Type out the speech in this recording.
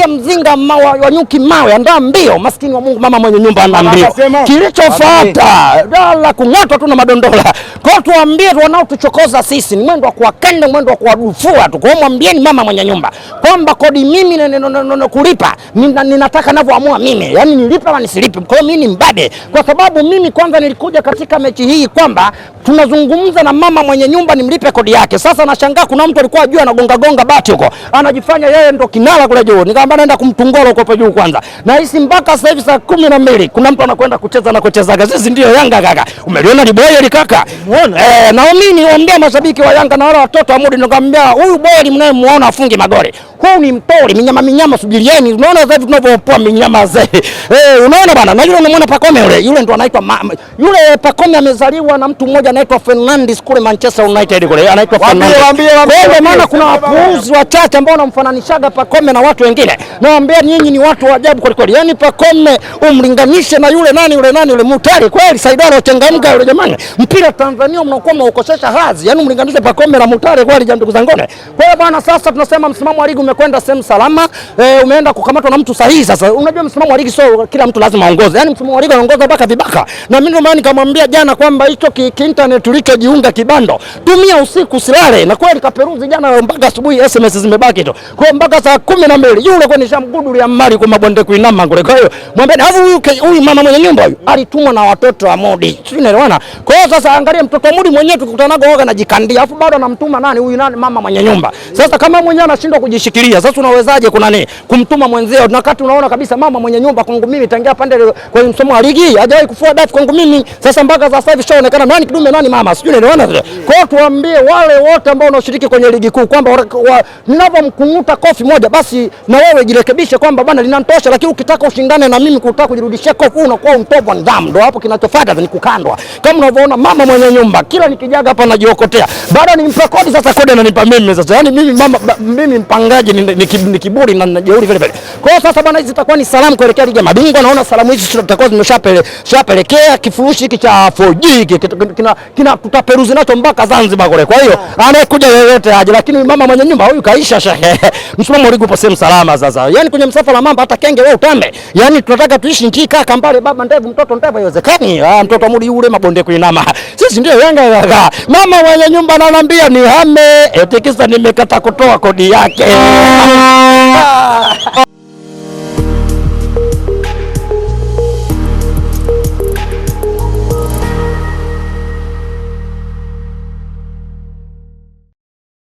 Piga mzinga mawa, wa, nyuki mawe, andaa mbio. Maskini wa Mungu, mama mwenye nyumba anda mbio. Kilichofuata dala kung'atwa tu na madondola. Kwa hiyo tuambie wanaotuchokoza sisi ni mwendo wa kuwakanda, mwendo wa kuwadufua tu. Kwa hiyo mwambieni mama mwenye nyumba kwamba kodi mimi kulipa ninataka ninavyoamua mimi, yani nilipe ama nisilipe. Kwa hiyo mimi ni mbade, kwa sababu mimi kwanza nilikuja katika mechi hii kwamba tunazungumza na mama mwenye nyumba nimlipe kodi yake. Sasa nashangaa kuna mtu alikuwa juu gonga bati huko anajifanya yeye ndo kinala kule juu Simba anaenda kumtungola huko juu kwanza. Na hisi mpaka sasa hivi saa 12 kuna mtu anakwenda kucheza na kuchezaga. Sisi ndio Yanga kaka. Umeliona ni boy ile kaka? Umeona? Eh, na mimi niwaambia mashabiki wa Yanga na wale watoto wa Mudi nikamwambia huyu boy mnayemuona afunge magoli. Huu ni mtori, minyama minyama subirieni. Unaona sasa hivi tunavyopoa minyama zee. Eh, unaona bana? Na yule unamwona Pakome yule, yule ndo anaitwa yule Pakome amezaliwa na mtu mmoja anaitwa Fernandes kule Manchester United kule. Anaitwa Fernandes. Kwa maana kuna wapuuzi wachache ambao wanamfananishaga Pakome na watu wengine. Naambia nyinyi ni watu wa ajabu kweli kweli. Yaani Pacome umlinganishe na yule nani yule nani yule Mutari kweli Saidara uchangamka yule jamani. Mpira Tanzania mnakuwa mnaukosesha hazi. Yaani umlinganishe Pacome na Mutari kweli jamani ndugu zangu. Kwa hiyo bwana, sasa tunasema msimamo wa ligi umekwenda sehemu salama. E, umeenda kukamatwa na mtu sahihi sasa. Unajua msimamo wa ligi sio kila mtu lazima aongoze. Yaani msimamo wa ligi anaongoza mpaka vibaka. Na mimi ndio maana nikamwambia jana kwamba hicho ki, ki internet ulichojiunga kibando. Tumia usiku usilale. Na kweli kaperuzi jana mpaka asubuhi SMS zimebaki tu. Kwa mpaka saa 12 yule kwa nilikuwa ya mali kwa mabonde kuinama kule. Kwa hiyo mwambie huyu huyu mama mwenye nyumba huyu alitumwa na watoto wa Modi, sio unaelewana? Kwa hiyo sasa angalia, mtoto wa Mudi mwenyewe tukikutana nako waga anajikandia, afu bado anamtuma nani huyu nani, mama mwenye nyumba. Sasa kama mwenyewe anashindwa kujishikilia, sasa unawezaje kuna nini kumtuma mwenzeo? Na wakati unaona kabisa mama mwenye nyumba kwangu mimi tangia pande kwa msomo wa ligi hajawahi kufua dafu kwangu mimi. Sasa mpaka sasa hivi shaonekana nani kidume nani mama, sio unaelewana? Kwa hiyo tuambie wale wote ambao wanaoshiriki kwenye ligi kuu kwamba ninavyomkunguta kofi moja basi na wewe wewe jirekebishe kwamba bwana linantosha, lakini ukitaka ushindane na mimi kutaka kujirudishia kwa kofu unakuwa mtovu wa nidhamu. Ndio hapo kinachofuata ni kukandwa. Kama unavyoona mama mwenye nyumba kila nikijaga hapa najiokotea. Baada nimpa kodi sasa kodi ananipa mimi sasa. Yaani mimi mama ba, mimi mpangaji ni, ni, ni kiburi na najeuri vile vile. Kwa hiyo sasa bwana hizi zitakuwa ni salamu kuelekea ligi ya mabingwa. Naona salamu hizi tutakuwa zimeshapelekea kifurushi hiki cha 4G kina, kina tutaperuzi nacho mpaka Zanzibar kule. Kwa hiyo anayekuja yeyote aje, lakini mama mwenye nyumba huyu kaisha shehe. Msimamo ulipo sehemu salama sasa sasa. yani kwenye la mamba hata kenge wewe utambe. yani tunataka tuishi nchi kaa kambale baba ndevu mtoto ndevu haiwezekani. Ah, mtoto amudi yule mabonde kuinama. Sisi ndio Yanga ya mama wenye nyumba ananiambia ni hame. Etikisa nimekata kutoa kodi yake.